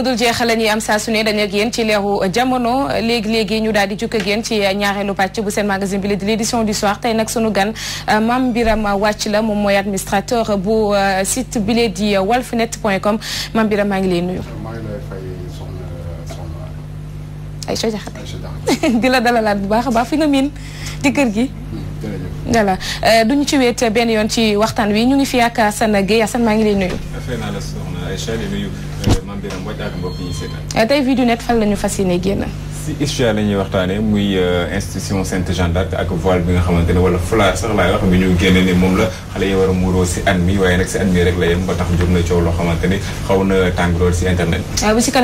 mu dul jeex la am saa su ne dañu ak yéen ci leeru jamono léegi-léegi ñu daal di jukk ak yéen ci ñaareelu pàcc bu seen magasin bi di l'édition du soir tey nag sunu gan euh, Mame Birame Wathie la moom mooy administrateur bu euh, site bi la di euh, walfnet.com Mame Birame maa ngi lay nuyu Aïcha Diakhaté di dalalaat bu baax a baax fi nga ci kër gi hmm, voilà duñu ci benn yoon ci waxtaan wi ñu ngi fi ak Assane Gueye maa ngi lay nuyu Aïcha di nuyu euh, Mame Birame Wathie ak mbokk yi seetaan. Euh, tey fii du net fan la ñu fas yéene génn. si ISCHA la ñuy waxtaanee muy euh, institution Sainte Jeanne ak voile bi nga xamante ne wala foulard laay wax bi ñu génne ne moom la xale yi war a muuroo si at waaye nag si at rek la yem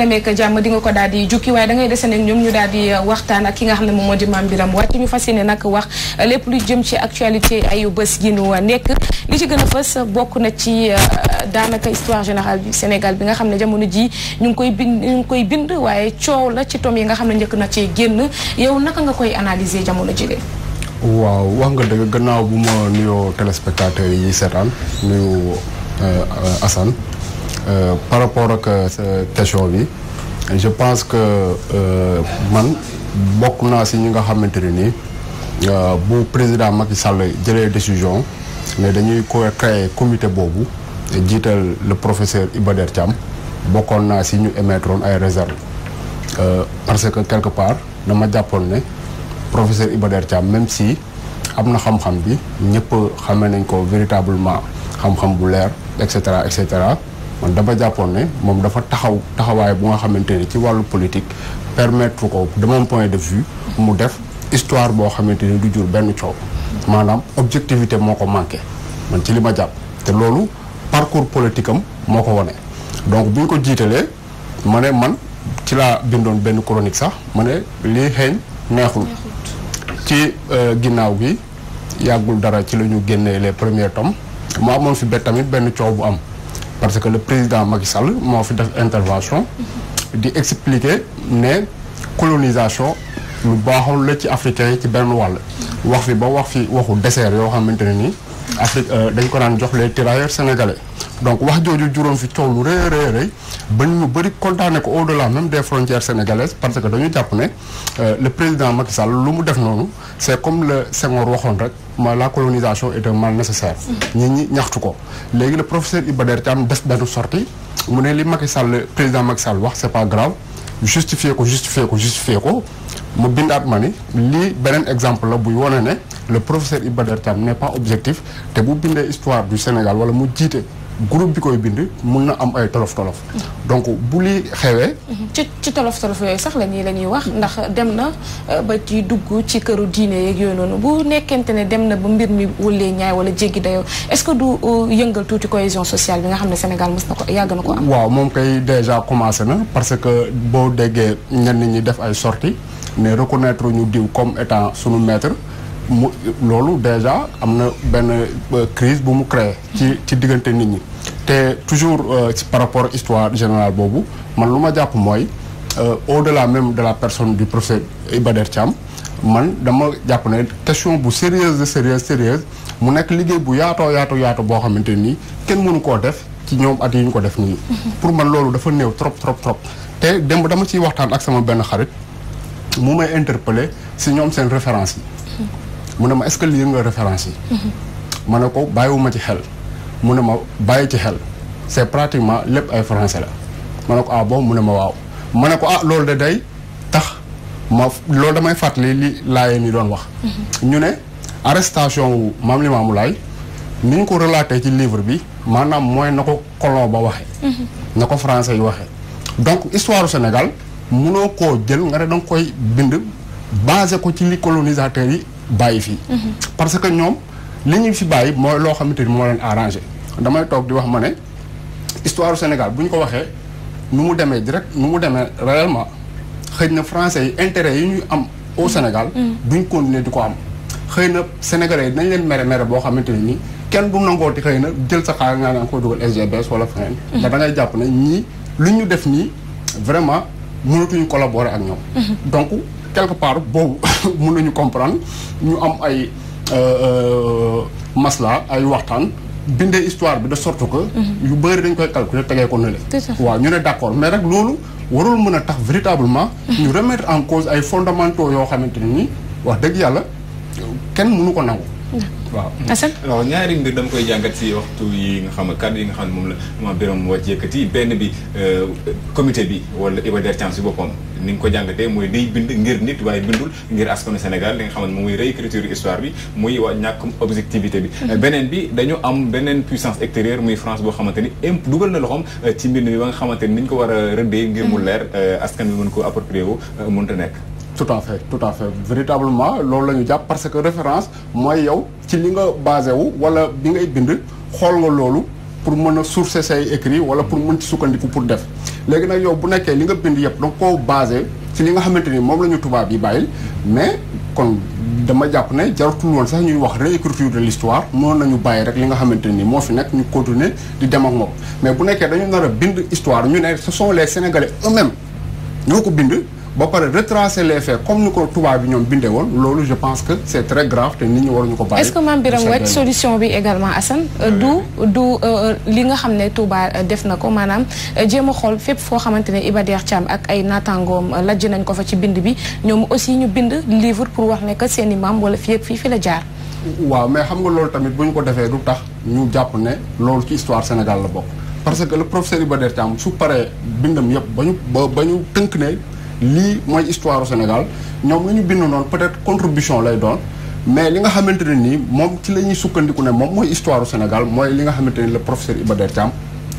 na coow ah, jukki waaye da ngay dese nag ñoom ñu daal di euh, waxtaan ak ki nga xam ne moo di Mame Birame Wathie ñu fas yéene wax euh, lépp lu jëm ci actualité ayu bés yi ñu nekk li ci gën a fës bokk na ci daanaka histoire générale Sénégal bi nga xam ne jamono jii ñu ngi koy bind ñu na cee génn yow naka nga koy analyser jamono jile. waaw wax nga dëgg gannaaw bu ma nuyoo téléspectateurs yi seetaan nuyu euh, Assane euh, par rapport ak euh, question bi je pense que man bokk naa si ñu nga xamante ne nii bu président Macky Sall jëlee décision ne dañuy ko créer comité boobu jiital le professeur Iba Der Thiam bokkoon naa si ñu émettroon ay réserve Euh, parce que quelque part dama jàppoon ne professeur Iba Der Thiam même si am na xam-xam bi ñëpp xamee nañ ko véritablement xam-xam bu leer et cetera et cetera man dama jàppoon ne moom dafa taxaw taxawaay bu nga xamante ni ci wàllu politique permettre ko de point de vue mu def histoire boo xamante ni du jur benn coow. maanaam objectivité moo ko manqué man ci li ma jàpp te loolu parcours politique am moo ko wane donc bu ñu ko jiitalee ma ne man. ci laa bindoon benn chronique sax ma ne lii xeeñ neexul ci euh, ginnaaw gi yàggul dara ci la ñu génnee les premiers tomes mu amoon fi ba tamit benn coow bu am parce que le président Macky Sall moo fi def intervention di expliquer ne colonisation lu baaxul la ci africain yi ci benn wàll wax fi ba wax fi waxu désert yoo xamante ne nii Afrique euh, dañ ko naan jox les tirailleurs sénégalais donc wax jooju juróom fi coow lu rëy rëy rëy ba ñu bëri kontaane ko de la même des frontières sénégalaises parce que dañu jàpp ne euh, le président Macky Sall lu mu def noonu c' est comme le Senghor waxoon rek ma la colonisation est un mal nécessaire. ñi mm. ñi ñaxtu ko léegi le professeur Iba Der Thiam def benn sortie mu ne li Macky Sall président Macky Sall wax c' est pas grave justifier ko justifier ko justifier ko mu bindaat ma ni lii beneen exemple la buy wane ne le professeur Iba Der Thiam n' objectif te bu bindee histoire du Sénégal wala mu jiite. groupe bi koy bind mun na am ay tolof tolof. donc bu li xewee. ci ci tolof tolof yooyu sax la ñuy la ñuy wax ndax dem na euh, ba ci dugg ci këru diine yeeg yooyu noonu bu nekkente ne dem na ba mbir mi wëlee ñaay wala jéggi dayoo est-ce que du euh, yëngal tuuti cohésion sociale bi nga xam ne Sénégal mës na ko yàgg na ko am. waaw moom kay déjà commencé na parce que boo déggee ñenn ñi def ay sorti mais reconnaître ñu diw comme étant sunu maître. mu loolu déjà am na benn euh, crise bu mu créé ci ci diggante nit ñi te toujours euh, par rapport histoire générale boobu man lu ma jàpp mooy euh, au la même de la personne du professeur Iba Der am man dama jàpp ne question bu sérieuse de sérieuse sérieuse mu nekk liggéey bu yaatoo yaatoo yaatoo boo xamante nii kenn mënu koo def ci ñoom at yi ñu ko def nii pour man loolu dafa néew trop trop trop te démb dama ciy waxtaan ak sama benn xarit mu may interpellé si ñoom seen référence yi mu ne ma est-ce que lire nga référence yi. Mm-hmm. ma ne ko bàyyiwuma ci xel. mu ne ma bàyyi ci xel c'est pratiquement lépp ay français la ma ne ko ah bon mu ne ma waaw ma ne ko ah loolu de day tax ma loolu damay fàttali li laayeen yi doon wax. Mm-hmm. ñu ne arrestation wu maam Limaamu Laay ni ñu ko relaté ci livre bi maanaam mooy na ko colon ba waxee. Mm-hmm. na ko français yu waxee. donc histoire du Sénégal mënoo koo jël nga ne danga koy bind basé ko ci li colonisateur yi. bàyyi fii. Mhm. parce que ñoom li ñu fi bàyyi mooy loo xamante ni moo leen arrangé damay toog di wax ma ne histoire Sénégal bu ñu ko waxee nu mu demee direct nu mu demee réellement xëy na français yi intérêt yi ñuy am au mhm. Sénégal. Mhm. duñ continuer di ko am. xëy na sénégalais yi dañ leen mere mere boo xamante ne nii kenn du nangooti xëy na jël sa xaalis nga naan ko dugal SGBS wala feneen. ndax da jàpp ne ñii lu ñu def nii vraiment mënatuñu collaborer ak ñoom. quelque part boobu na ñu comprendre ñu am ay euh, euh, masla ay waxtaan bindee histoire bi de sorte que. Mhm. yu bëri dañ koy calculer tegee ko nële. waaw ñu ne d'accord mais rek loolu warul mën a tax véritablement. Mhm. ñu remettre en cause ay fondamentaux yoo xamante nii wax dëgg yàlla kenn mënu ko nangu. waaw Assane alors ñaari mbir dama koy jàngat si waxtu yi nga xam ne kàddu yi nga xam ne moom la ma biram wax yëkkati benn bi euh, comité bi wala Iba Der Thiam boppam ni nga ko jàngatee mooy day bind ngir nit waaye bindul ngir askanu Sénégal li nga xam ne moom mooy réécriture histoire bi muy waa ñàkkum objectivité bi mhm. beneen bi dañu am beneen puissance extérieure muy France boo xamante ni imp dugal na loxoom euh, ci mbind bi ba nga xamante ni ni ñu ko war a rëddee ngir mu mhm. leer euh, askan bi mën ko approprié wu mënta nekk tout à fait tout à fait véritablement loolu la ñu jàpp parce que référence mooy yow ci li nga basé wu wala bi ngay bind xool nga loolu pour mën a sourcer say écrit wala pour mën ci sukkandiku pour def léegi nag yow bu nekkee li nga bind yëpp danga koo basé ci li nga xamante ni moom la ñu tubaab yi bàyyil mais kon dama jàpp ne jaratul woon sax ñuy wax rey réécriture de l'histoire moo nañu bàyyi rek li nga xamante ni moo fi nekk ñu continuer di dem ak moom mais bu nekkee dañu nar a bind histoire ñu ne ce sont les sénégalais ñoo ko bind ba pare retracer les comme ni ko tubaab bi ñoom bindee woon loolu je pense que c' est très grave te nit ñi waruñu ko bàyyi. est ce que maam Biram du du euh, li nga xam ne Touba euh, def na ko maanaam euh, jéem a xool fépp foo xamante ne Iba Der Thiam ak ay naataangoom lajj nañ ko fa ci bind bi ñoom aussi ñu bind livre pour wax ne que seen i maam wala fii ak fii fi la jaar. waaw mais xam nga loolu tamit bu ñu ko defee du tax ñu jàpp ne loolu ci histoire Sénégal la bokk parce que le professeur Iba Der Thiam su paree bindam yëpp ba ñu ba ñu tënk ne. lii mooy histoire Sénégal ñoom lu ñu bind noonu peut-être contribution lay doon mais li nga xamante ne nii moom ci la ñuy sukkandiku ne moom mooy histoire Sénégal mooy li nga xamante ne le professeur Iba Der Thiam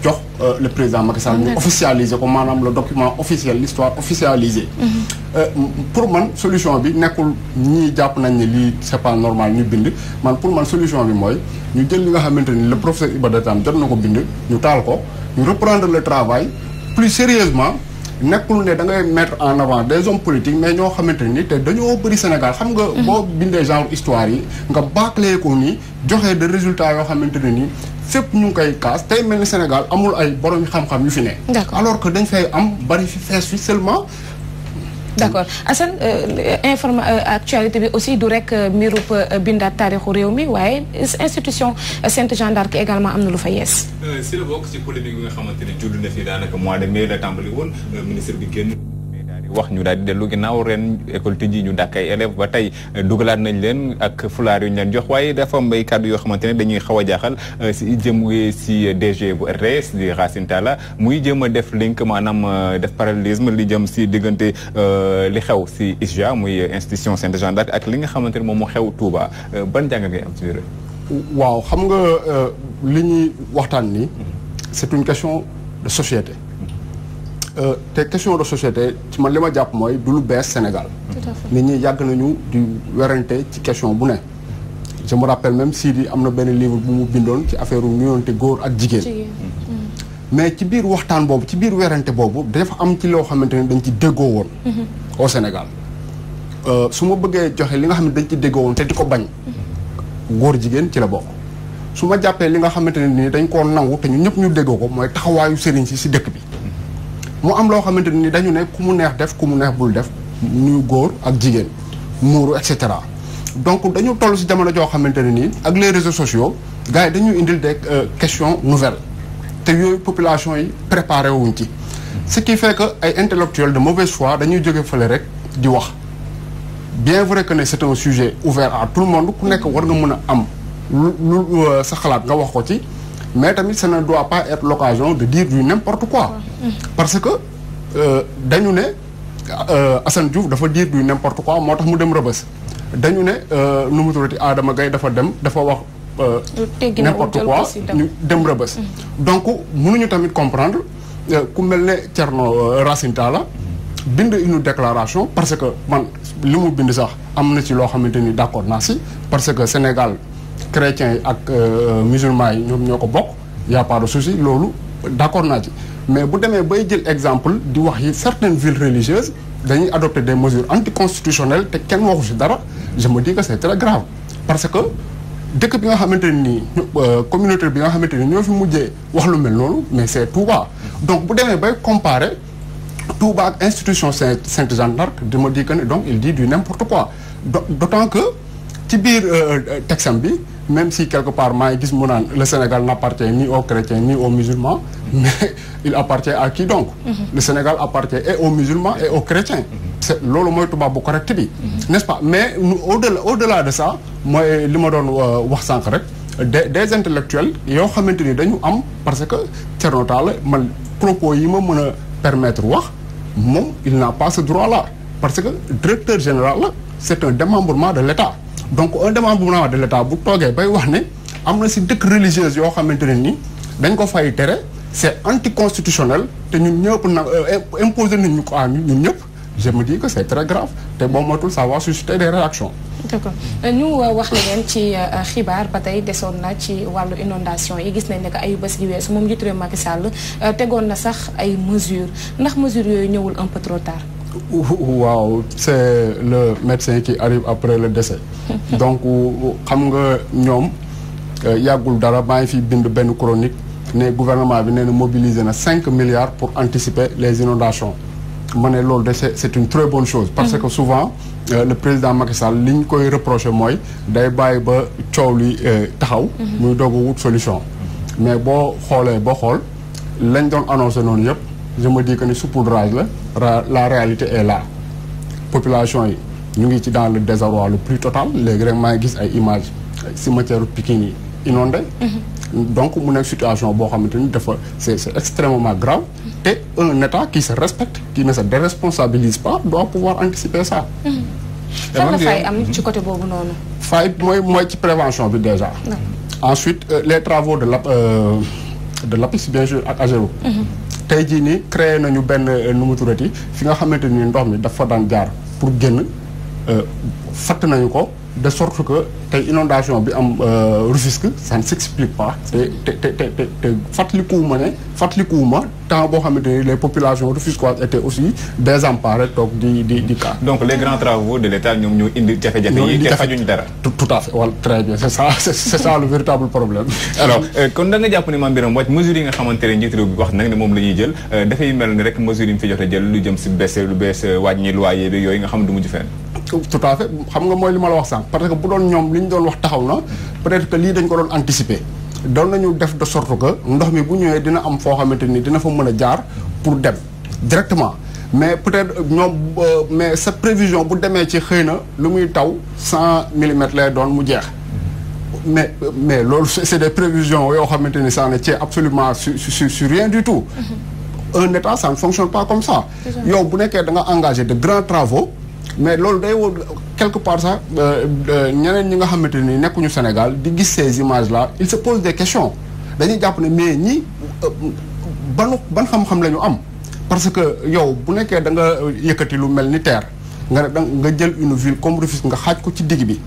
jox euh, le président Macky Sall ñu officialisé ko maanaam le document officiel l'histoire officialisée mm-hmm. euh, pour man solution bi nekkul ñii jàpp nañ ne lii c'est normal ñu bind man pour man solution bi mooy ñu jël li nga xamante ni le professeur Iba Der Thiam jot na ko bind ñu taal ko ñu reprendre le travail plus sérieusement nekkul ne da ngay mettre en avant des hommes politiques mais ñoo xamante ni te dañoo bëri Sénégal xam nga. Mhm. boo bindee genre histoire yi nga bâclé ko nii joxe résultat yoo xamante ni nii fépp ñu ngi koy kaas tey mel ni Sénégal amul ay borom xam-xam yu fi ne. alors que dañ fay am bari fi fees fi seulement. d' accord Assane euh, informa euh, actualité bi aussi du rek euh, mbirup bindaat taarixu réew mi waaye institution Sainte Jeanne également am na lu fa yees. si la bokk ci politique nga xamante ne judd na fi daanaka mois de mai la tàmbali woon ministre bi génn. wax ñu daal di dellu ginnaaw ren école tijji ñu dàkk ay élèves ba tey dugalaat nañ leen ak fulaar yu ñu leen jox waaye dafa am ay kàddu yoo xamante ne dañuy xaw a jaaxal euh, si jëm si DG bu RTS di Racine Talla muy jëm a def link maanaam euh, def parallélisme li jëm si diggante euh, li xew si ISJA muy institution Sainte Jeanne d'Arc ak li nga xamante ne moom moo xew Touba ban jàng am ci waaw xam nga li ñuy waxtaan ni c'est une question de société. Euh, te question de société ci ma li ma jàpp mooy du lu bees Sénégal. nit ñi yàgg nañu di werante ci question bu ne. je me rappelle même Sidi am na benn livre bu mu bindoon ci affaire u te góor ak jigéen. Mm-hmm. mais ci biir waxtaan boobu ci biir werante boobu dafa am ci loo xamante ne dañ ci déggoo woon. Mm-hmm. au Sénégal euh, su ma bëggee joxe li nga xam ne dañ ci déggoo woon te di ko bañ. Mm-hmm. góor jigéen ci la bokk. su ma jàppee li nga xamante ne nii dañ koo nangu te ñu ñëpp ñu déggoo ko mooy taxawaayu sëriñ si si dëkk bi. mu am loo xamante ni dañu ne ku mu neex def ku mu neex bul def nuyu góor ak jigéen muuru et cetera donc dañu toll si jamono joo xamante ne nii ak les réseaux sociaux gars yi dañuy indil des euh, question nouvelles te yooyu population yi préparé wuñ ci ce qui fait que ay intellectuels de mauvaise fois dañuy jóge fële rek di wax bien vrai que ne c'est un sujet ouvert à tout le monde ku nekk war nga mën a am lu euh, sa xalaat nga wax ko ci mais tamit ça ne doit pas être l'occasion de dire du n'importe quoi parce que euh, dañu ne euh, Assane Diouf dafa dire du n'importe quoi moo tax mu dem rëbës dañu ne euh, nu mu tuddati Adama Gaye dafa dem dafa wax n'importe quoi ñu dem rëbës mm-hmm. donc munuñu tamit comprendre ku mel ne Thierno Racine Talla bind une déclaration parce que man li mu bind sax am na ci loo xamante ni d'accord naa si parce que Sénégal chrétiens yi ak euh, musulmans yi ñoom ñoo ko bokk y a pas loolu d'accord naa ci mais bu demee bay jël exemple di wax yi certaines villes religieuses dañuy adopter des mesures anticonstitutionnelles te kenn waxu si dara je me dis que c'est très parce que dëkk bi nga xamante nii euh, communauté bi nga xamante ni ñoo fi mujjee wax lu mel noonu mais c'est Touba donc bu demee bay comparer Touba ak institution Sainte Jeanne d'Arc di ma di que ne donc il dit ne n'importe quoi d'autant ci biir euh, euh, texam bi même si quelque part maa gis mu naan le Sénégal n'appartient ni aux chrétiens ni aux musulmans mais il appartient à qui donc mm-hmm. le Sénégal appartient et aux musulmans et aux chrétiens mm-hmm. c'est loolu mooy tubaab bu correct bi mm-hmm. nest pas mais au-delà au de ça mooy li ma doon euh, wax sànq rek des des intellectuels yoo xamante ni dañu am parce que Thierno Tall man propos yi ma mën a permettre wax moom il n'a pas ce droit la parce que directeur général la c'est un démembrement de l'État donc un démembrement de l'État bu toogee bay wax ne am na si dëkk religieuse yoo xamante ne ni dañ ko fay tere c'est anticonstitutionnel te ñun ñëpp na euh, imposer nañ ñu ko à ñun ñëpp je me dis que c'est très grave te boo matul ça va susciter des réactions d'accord ñu wax la leen ci euh, xibaar ba tey desoon na ci wàllu inondation yi gis nañ ne que ay bés yu weesu moom njiitu réew Macky Sall euh, tegoon na sax ay mesures ndax mesures yooyu ñëwul un peu trop tard waaw c'est le médecin qui arrive après la décès donc xam nga ñoom euh, yàggul dara maa ngi fi bind benn chronique ne gouvernement bi nee na mobiliser na cinq milliards pour anticiper les inondations ma ne loolu de c'est une très bonne chose parce mm. que souvent euh, le président Macky Sall li ñu koy reprocher mooy day bàyyi ba coow li euh, taxaw mm-hmm. muy doog a wut solution mais boo xoolee boo xool lañ doon annoncé noonu yëpp je me dis que ni saupoudrage la la réalité est la population yi ñu ngi ci dans le désarroi le plus total léegi rek maa gis ay image images cimetière Pikine yi inondé mhm. donc mu nekk situation boo xamante ni dafa c' est c' te un état qui se respecte qui ne se déresponsabilise pas doit pouvoir anticiper ça mhm. fan la fay am ci mhm. côté boobu noonu fay mooy mooy ci prévention bi déjà ensuite euh, les travaux de la euh, de l'APIX bien sûr ak AGEROUTE tey jii nii créé nañu benn euh, nu mu tuddati fi nga xamante ni ndox mi dafa daan jaar pour génn euh, fatt nañu ko de sorte que tey inondation bi am euh, Rufisque ça ne s'explique pas te te te te te fàttalikuwuma ne fàttalikuwuma temps boo xamante ni les populations rufisquoises étaient aussi désemparées toog di di di cas. donc les grands travaux de l'État ñoom ñoo indi jafe-jafe yi kenn fajuñ dara. tout à fait wala très bien c'est ça c'est ça le véritable problème. alors euh, kon da nga jàpp ne Mame Birame Wathie mesures nga xamante ne njiitu wax nag ne moom la ñuy jël euh, dafay mel ni rek mesures yi mu jël lu jëm si baisse lu yooyu nga xam du mujj fenn. tout à fait xam nga mooy li ma la wax sànq parce que bu doon ñoom li ñu doon wax taxaw na peut-être que lii dañ ko doon anticiper doon nañu def de sorte que ndox mi bu ñëwee dina am foo xamante ni dina fa mën a jaar pour dem directement mais peut-être ñoom euh, mais sa prévision bu demee ci xëy na lu muy taw cent millimètres lay doon mu jeex mais mais loolu c'est des prévisions yoo xamante ni ça ne tient absolument su su su rien du tout mm-hmm. un état ça ne fonctionne pas comme ça yow bu nekkee da nga engagé de grands travaux mais loolu day woon quelque part sax euh, euh, ñeneen ñi nga xamante ni nekkuñu Sénégal di gis ces images là il se pose des questions dañuy jàpp ne mais ñi euh, ban ban xam-xam la am parce que yow bu nekkee da nga yëkkati lu mel ni terre nga nga jël une ville comme Rufisque nga xaaj ko ci digg bi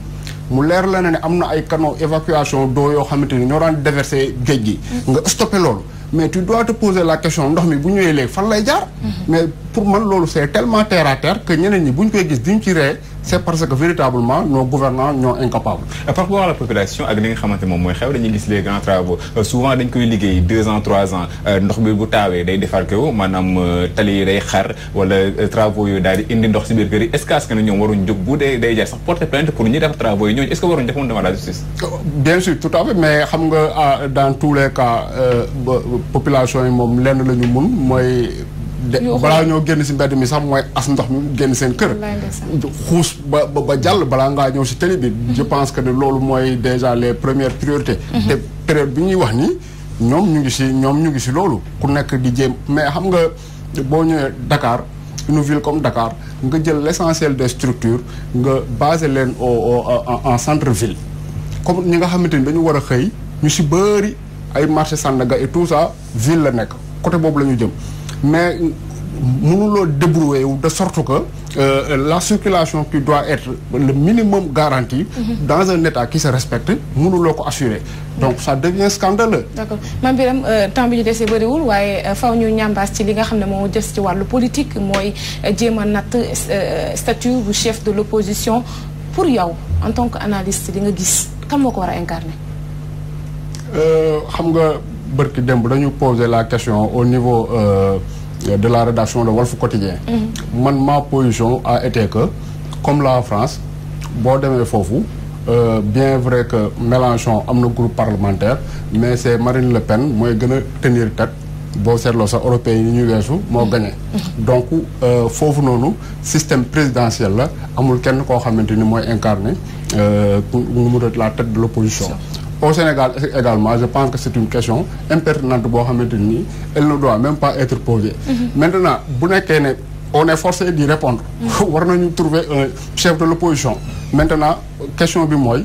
mu leer la ne ne am na ay canaux évacuation d'eau yoo xamante ni ñoo daan déverser géej gi mm. nga stoppé loolu mais tu dois te poser la question ndox mi bu ñëwee léegi fan lay jaar mhm. mais pour man loolu c'est tellement terre à terre ñeneen ñi bu ñu koy gis duñ ci ree c'est parce que véritablement nos gouvernants ñoo incapables. par rapport à la population ak li nga xamante moom mooy xew dañuy gis les grands travaux euh, souvent dañ koy liggéey deux ans trois ans euh, ndox bi bu taawee day defar ko maanaam euh, tali yi day xar wala travaux yooyu daal di indi ndox si biir kër yi est-ce que askan ñoom waruñ jóg bu dee day jar sax porter plainte pour ñi def travaux yi ñooñu est waruñ def moom devant la justice. bien sûr tout à fait mais xam nga ah, dans tous les cas population yi moom lenn la ñu mun mooy. balaa ñoo génn si mbedd mi sax mooy as ndox mi génn seen kër xuus ba ba jàll balaa ngaa ñëw si télé bi je pense que ne loolu mooy déjà les premières priorités mhm. te période bi ñuy wax nii ñoom ñu ngi si ñoom ñu ngi si loolu ku nekk di jéem mais xam nga boo ñëwee Dakar une ville comme dakaar nga jël l'essentiel des structures nga basé leen au en centre ville comme ñi nga xamante ni dañu war a xëy ñu si bëri ay marché Sandaga et tout ça ville la nekk côté boobu la ñu jëm mais mënuloo débrouiller wu de sorte que euh, la circulation qui doit être le minimum garanti. Mm-hmm. dans un état qui se respecte mënuloo ko assurer. donc ça devient scandaleux. d'accord Mame Birame euh, temps bi ñu desee bëriwul waaye euh, faw ñu ñambaas ci li nga xam ne moo jës ci wàllu politique mooy euh, jéem a natt statut bu chef de l'opposition pour yow en tant que analyste li nga gis kan moo ko war a incarner. xam nga. bërki démb dañu poser la question au niveau euh, de la rédaction de Walf Quotidien mm-hmm. man ma position à été que comme la France boo demee foofu euh, bien vrai que Mélenchon am na groupe parlementaire mais c'est Marine Le Pen mooy gën a tenir tête boo seetloo sax européens yi ñu weesu moo mm-hmm. gagné. Mm-hmm. donc euh, foofu noonu système présidentiel la amul kenn koo xamante ni mooy incarné mu la tête de l'opposition au Sénégal également je pense que c'est une question impertinente boo xamante ni elle ne doit même pas être posée mhm. maintenant bu nekkee ne on est forcé d'y répondre mhm. war nañu trouver un chef de l'opposition maintenant question bi mooy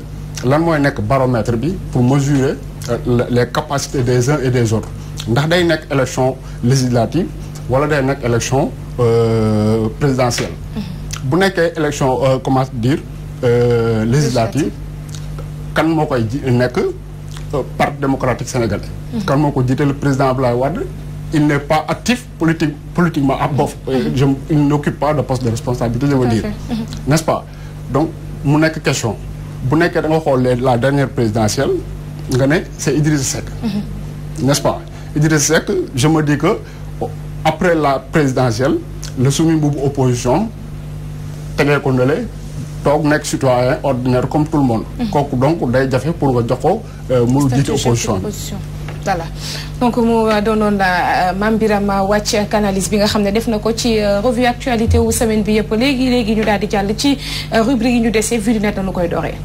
lan mooy nekk baromètre bi pour mesurer euh, les capacités des uns et des autres ndax day nekk élection législative wala day nekk élection euh, présidentielle mhm. bu nekkee élection euh, comment dire législative kan moo koy ji nekk euh, parti démocratique sénégalais. Mm-hmm. kan moo ko jiite le président Abdoulaye Wade il n'est pas actif politique politiquement à bof mm-hmm. je il n'occupe pas de poste de responsabilité je veux dire mm-hmm. n'est-ce pas donc mu nekk question bu nekkee da nga xool la dernière présidentielle nga ne c'est Idrissa Seck n'est-ce pas Idrissa Seck je me dis que après la présidentielle le soumis boobu opposition tegee ko ndale toog nekk citoyen ordinaire comme tout le monde. Mhm. kooku donc day jafe pour nga jox ko euh, mu jiite opposition bi. voilà donc mu euh, doonoon euh, Mame Birame wàcc analyse bi nga xam ne def na ko ci revue actualité wu semaine bi yëpp léegi léegi ñu daal di jàll ci rubrique yi ñu dese vu du lu koy dooree.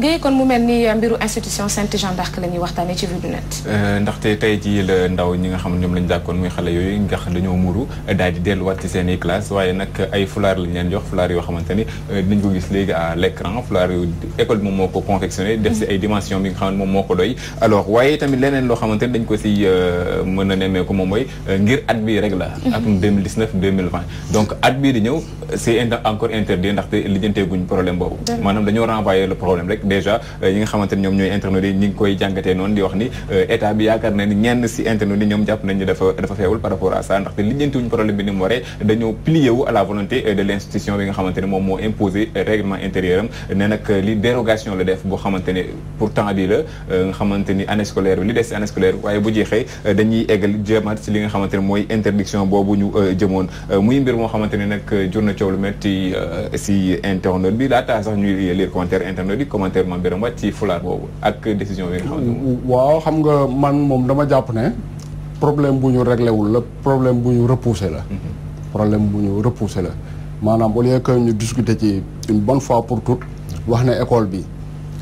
Assane kon mu mel ni mbiru institution Sainte Jeanne d'Arc la ñuy waxtaanee ci vue net. Euh, ndaxte tey jii la ndaw ñi nga xam ñoom lañu jàkkoon muy xale yooyu nga xam dañoo muuru daal di delluwaat ci seen i classe waaye nag ay fulaar lañ leen jox fulaar yoo xamante ni euh, dinañ ko gis léegi à l'écran fulaar yu école moom moo ko confectionné. def si ay dimension bi nga xam moom moo ko doy. alors waaye tamit leneen loo xamante ni dañ ko si euh, mën a nemmeeku moom mooy ngir at bii rek la. Mhm. atum 2019 2020 donc at bii di ñëw c'est encore interdit ndaxte lijjanteeguñ problème boobu. maanaam dañoo renvoyer rek déjà euh, ñi nga xamante ni ñoom ñooy internautes yi ñi ngi koy jàngatee noonu di wax ni euh, état bi yaakaar na ni ñenn si internautes yi ñoom jàpp nañ dafa feewul par rapport à ça ndaxte lijjantiwuñ problème bi ni mu waree dañoo plié wu la volonté euh, de l' bi nga xamante ne moom moo imposé am ne nag li dérogation la def boo xamante pour temps bi la nga xamante ni année scolaire bi li des si année scolaire bi waaye ne mooy interdiction boobu ñu jëmoon muy mbir moo xamante ne nag jur na coow lu metti si internet bi docteur Mame ci fulaar boobu ak décision bi waaw xam nga man moom dama jàpp ne problème bu ñu réglé wul la problème bu ñu repoussé la mhm. problème bu ñu repoussé la maanaam au lieu que ñu discuter ci bon bonne fois pour toutes wax ne école bi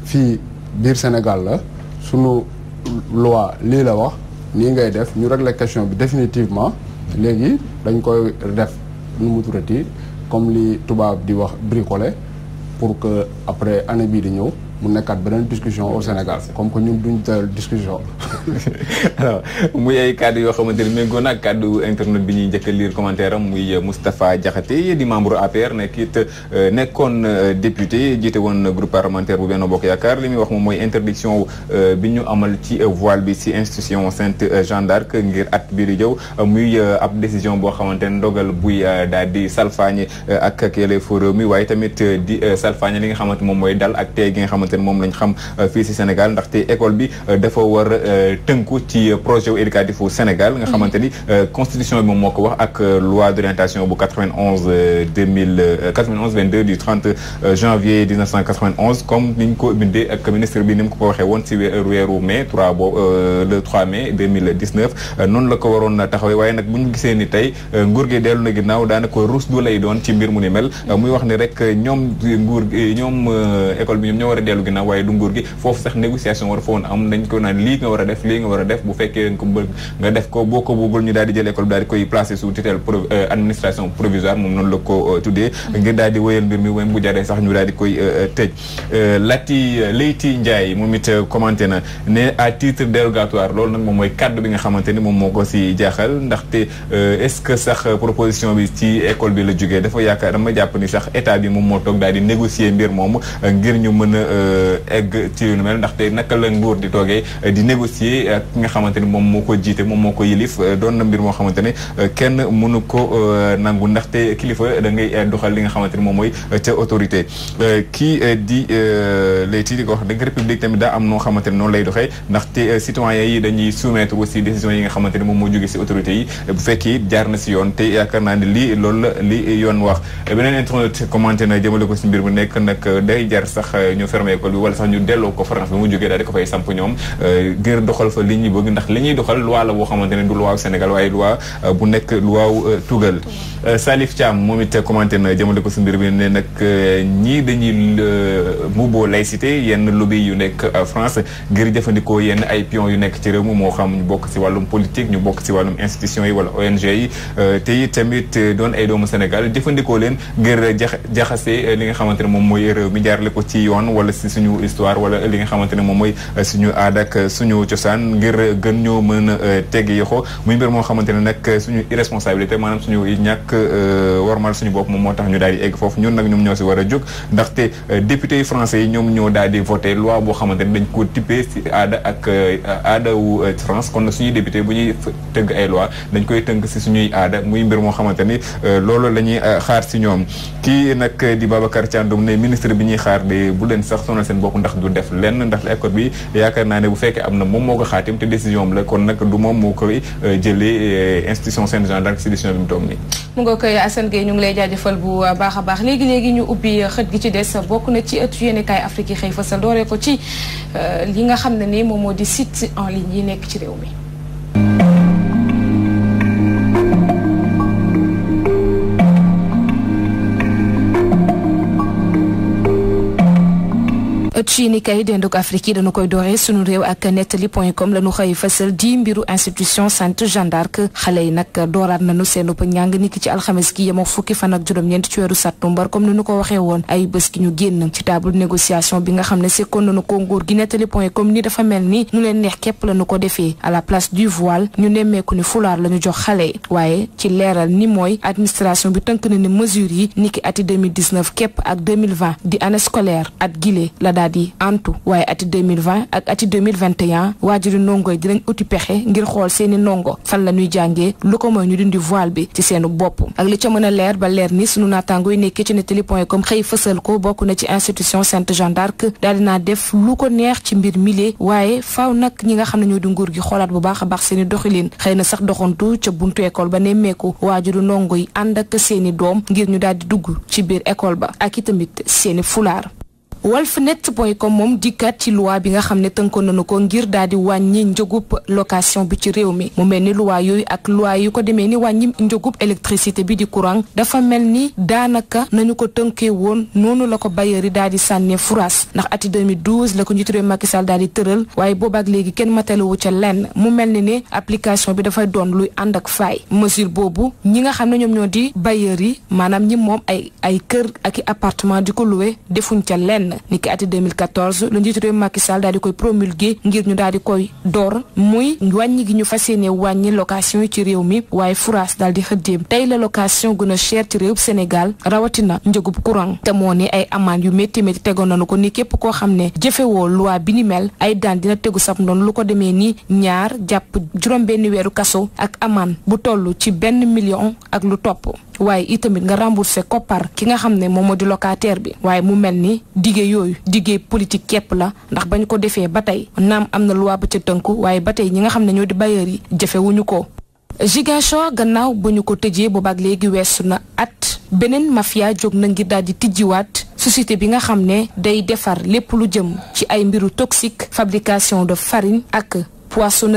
fii biir Sénégal la sunu loi lii la wax nii ngay def ñu régler question bi définitivement léegi dañ koy def nu mu turati comme li tubaab di wax bricoler pour que après année bii di ñëw mu nekkaat beneen discussion au Sénégal comme que ñun duñ teel discussion alors muy ay kàddu yoo xamante ni méngoo ak kàddu internet bi ñuy njëkk a commentaire am muy euh, Moustapha Diakhaté di membre APR nekk it euh, nekkoon euh, député jiite woon groupe parlementaire bu Benno Bokk Yaakaar li muy wax moom mooy interdiction bi ñu amal ci voile bi si institution Sainte Jeanne ngir at bii jëw muy ab décision boo xamante ne ndogal buy daal di salfaañe ak ak yelleefu réew mi waaye tamit di salfaañe li nga xamante moom mooy dal ak tey gi nga xamante ne moom lañ xam fii si Sénégal ndaxte école bi dafa war tënku ci projet wu éducatif au Sénégal nga mhm. xamante ni euh, constitution bi moo ko wax ak euh, loi d'orientation bu 91 2000 91 22 du 30 euh, janvier 1991 comme ni ñu ko bindee ak ministre bi ni mu ko waxee woon si weeru mai 3 bo le 3 mai noonu la ko waroon taxawee waaye nag bu ñu gisee ni tey nguur gi dellu na ginnaaw daanaka ruus du lay doon ci mbir mu ni mel mm. muy wax ni rek ñoom nguur gi école bi ñoom ñoo war a dellu ginnaaw waaye du nguur gi foofu sax négociation war fa woon am naan lii nga war a def lii nga war a def bu fekkee ko bëgg nga def ko boo ko bëggul ñu daal di jëlee ko daal di koy placé sous tutelle euh, administration provisoire moom noonu la ko euh, tuddee mm-hmm. ngir daal di wéyal mbir mi même bu jaree sax ñu daal di koy euh, tëj Lati Leyti Ndiaye moom it commenté na ne à titre dérogatoire loolu nag moom mooy kaddu bi nga xamante ni moom moo ko si jaaxal ndaxte est-ce que sax proposition bi ci école bi la jógee dafa yaakaar dama jàpp ni sax état bi moom moo toog daal di négocier mbir moomu ngir ñu mën a egg ci lu mel ndaxte naka la nguur di toogee yi ak ki nga xamante moom moo ko jiite moom moo ko yilif euh, doon na mbir moo xamante ne euh, kenn mënu ko euh, nangu ndaxte kilifa da ngay doxal li nga xamante ni moom mooy ca autorité kii di layti di ko wax dëgg république tamit daa am noo xamante ne noonu lay doxee ndaxte citoyens yi dañuy soumettre aussi décision yi nga xamante ni moom moo jóge si autorité yi bu fekkee jaar na si yoon te yaakaar naa ne lii loolu la li yoon wax beneen internet commenté na jëmale ko si mbir mu nekk nag day jar sax ñu bi wala sax ñu delloo ko France bi mu ko fay samp ñoom doxal li ñuy bëgg ndax li ñuy doxal loi la boo xamante ne du loi Sénégal waaye loi euh, bu nekk loi euh, tugal euh, Salif Thiam moom it commenté na jëmale ko si mbir bi ne nag ñii dañuy mbubboo laïcité yenn lobby yu nekk France ngir jëfandikoo yenn ay pion yu nekk ci réew mu moo xam ñu bokk si wàllum politique ñu bokk si wàllum institution yi wala ONG yi te tamit doon ay doomu Sénégal jëfandikoo leen ngir jaxase li nga xamante ne moom mooy réew mi ko ci yoon wala si suñu histoire wala li nga xamante ne moom mooy suñu aada ak suñu cosaan cosaan ngir gën ñoo mën a euh, teg yoxo muy mbir moo xamante ne nag euh, suñu irresponsabilité maanaam suñu ñàkk war euh, warmal suñu bopp moom moo tax ñu daal di egg foofu ñun nag ñoom ñoo si war a jóg ndaxte député français yi ñoom ñoo daal di voté loi boo xamante ne dañ ko tippee si aada ak aada wu France kon nag suñuy député bu ñuy tëgg ay loi dañ koy tënk si suñuy aada muy mbir moo xamante ni loolu la ñuy xaar si ñoom kii nag di Babacar Thiandoum ne ministre bi ñuy xaar de bu leen sax sonal seen bopp ndax du def lenn ndax ko xaatim te moo koy euh, jëlee euh, institution d' si décision bi mu nga koy euh, Assane ñu ngi lay jaajëfal bu baax a baax léegi léegi ñu ubbi xët gi ci des bokk na ci ëttu yéenekaay Afrique yi xëy fasal dooree ko ci li nga xam ne ni moom moo di site en ligne yi nekk ci réew mi. ci ni kay denduk Afrique yi dañu koy dooree sunu réew ak nettali point com la ñu fësal di mbiru institution Sainte Jeanne xale yi nag dooraat nañu seen ëpp njàng niki ci alxames gi yemoo fukki fan ak juróom-ñeent ci weeru sàttumbar comme ni ñu ko waxee woon ay bés gi ñu génn ci table négociation bi nga xam ne sekkoon nañu ko gi nettali point com ni dafa mel ni ñu leen neex képp la ko defee à la place du voile ñu nemmeeku ni daal di antu waaye ati 2020 ak ati 2021 waajuri yi dinañ uti pexe ko mooy ñu dindi voile bi ak li ca mën a leer ba leer yi na ñi nga xam ne ñoo di nguur gi xoolaat bu baax a baax seeni doxilin xëy na sax doxantu ca buntu école ba nemmeeku waajuru ndongo yi ànd ak seeni doom ngir ñu daal di dugg ci biir école ba ak itamit seeni fulaar comme moom dikkaat ci loi bi nga xam ne tënkoon nañu ko ngir daal di wàññi njëgub location bi ci réew mi mu mel ni loi yooyu ak loi yi ko demee ni wàññi njëgub électricité bi di courant dafa mel ni daanaka nañu ko tënkee woon noonu la ko bailleurs yi daal di sànnee furaas ndax ati 2012 la ko njiitu réew Macky Sall daal di tëral waaye boobaak léegi kenn matalewu ca lenn mu mel ni ne application bi dafay doon luy ànd ak faay mesure boobu ñi nga xam ne ñoom ñoo di bailleurs yi maanaam ñi moom ay ay kër ak appartement di ko loué defuñ ca benn niki ati 2014 lu njiitu réew Macky Sall daal di koy promulgué ngir ñu daal di koy door muy wàññi gi ñu fas yéene wàññi location yi ci réew mi waaye furaas daal di xëddeem tey la location gën a cher ci Sénégal rawatina njëgub courant te moo ni ay amaan yu métti métti tegoon nañu ko ni képp koo xam ne jëfewoo loi bi ni mel ay daan dina tegu sab ndoon lu ko demee ni ñaar jàpp juróom benn weeru kaso ak amaan bu tollu ci benn million ak lu topp waaye itamit nga remboursé koppar ki nga xam ne moom moo di locataire bi waaye mu mel ni dige yooyu dige politique képp la ndax bañ ko defee ba tey naam am na loi ba ca tënku waaye ba tey ñi nga xam ne ñoo di bailleurs yi jafewuñu ko. Ziguinchor gannaaw ba ñu ko tëjee boobaak léegi weesu na at beneen mafia jóg na ngir daal di tijjiwaat. société bi nga xam ne day defar lépp lu jëm ci ay mbiru toxique fabrication de farine ak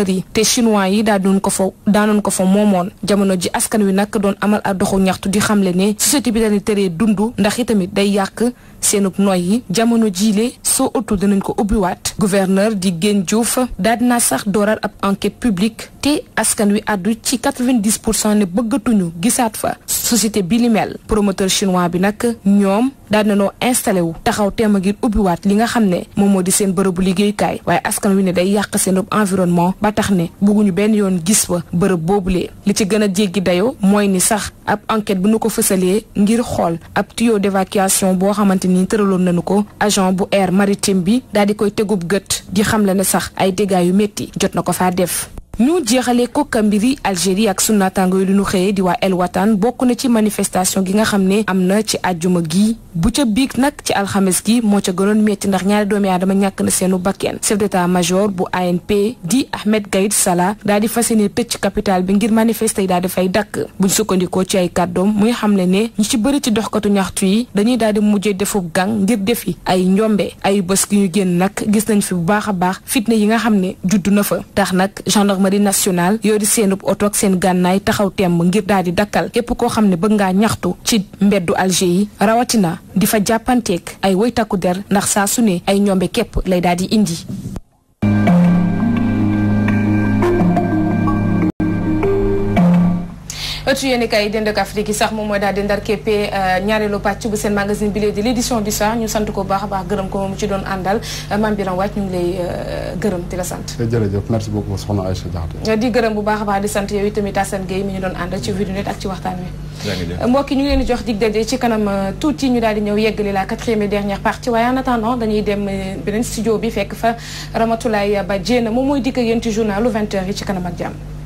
yi te chinois yi daa doon ko fa daanoon ko fa moomoon jamono ji askan wi nag doon amal a doxu ñaxtu di xamle ne société bi dañu teree dund ndax itamit day yàq seenub noy yi jamono jiile soo otul dinañ ko ubbiwaat gouverneur di génn Diouf daal dinaa sax dooral ab enquête publique te askan wi àddu ci 90 pour cent ne bëggatuñu gisaat fa société bi li mel promoteur chinois bi nag ñoom daan na noo installé wu taxaw teem a ngir ubbiwaat li nga xam ne moom moo di seen bërëbu liggéeykaay waaye askan wi ne day yàq seen environnement ba tax ne bugguñu benn yoon gis wa bërëb boobu le li ci gën a jéggi dayoo mooy ni sax ab enquête bu nu ko fësalee ngir xool ab tuyau d'évacuation boo xamante ni tëraloon nañu ko agent bu air maritime bi daal di koy tegub gët di xam le ne sax ay dégâts yu métti jot na ko faa def ñu jeexalee ko mbiri Algérie ak sunu naataango yi lu ñu xëyee di waa El Watan bokk na ci manifestation gi nga xam ne am na ci àjjuma gi bu ca biig nag ci alxames gi moo ca gënoon metti ndax ñaari doomi aadama ñàkk na seenu bakkeen chef d'état-major bu ANP di Ahmed Gaïd Salah daal di fas yéene tëj ci capitale bi ngir manifester yi daal di fay dakk buñ sukkandikoo ci ay kàddoom muy xam ne ñu ci bëri ci doxkatu ñaxtu yi dañuy daal di mujjee defub gang ngir defi ay njombe ay bés gi ñu génn nag gis nañ fi bu baax a baax fitna yi nga xam ne judd na fa tax di nationale di seen oto ak seen gànnaay taxaw temm ngir daal di dakkal képp koo xam ne bëgg ngaa ñaxtu ci mbeddu Alger yi rawatina di fa jàppanteeg ay woy der ndax saa su ne ay ñombe képp lay daal di indi. ëttu yéen kay dend ak Afrique yi sax moom mooy daal di ndar képpee euh, ñaareelu pàcc bu seen magazine bi lee di l'édition du ñu sant ko baax a baax gërëm ko moom mu ci doon àndal euh, Mame Birame Wathie ñu ngi euh, gërëm di la sant. Eh, jërëjëf merci bu baax a baax di sant yow itamit Assane ñu doon àndal ci vidéo net ak ci waxtaan wi. mbokk yi ñu ngi leen di jox dig daje ci kanam tuuti ñu daal di ñëw yeggali la quatrième et dernière partie waaye en attendant dañuy dem beneen studio bi fekk fa Ramatoulaye Ba Diène moom mooy dikk yéen ci journalu 20h yi ci kanam ak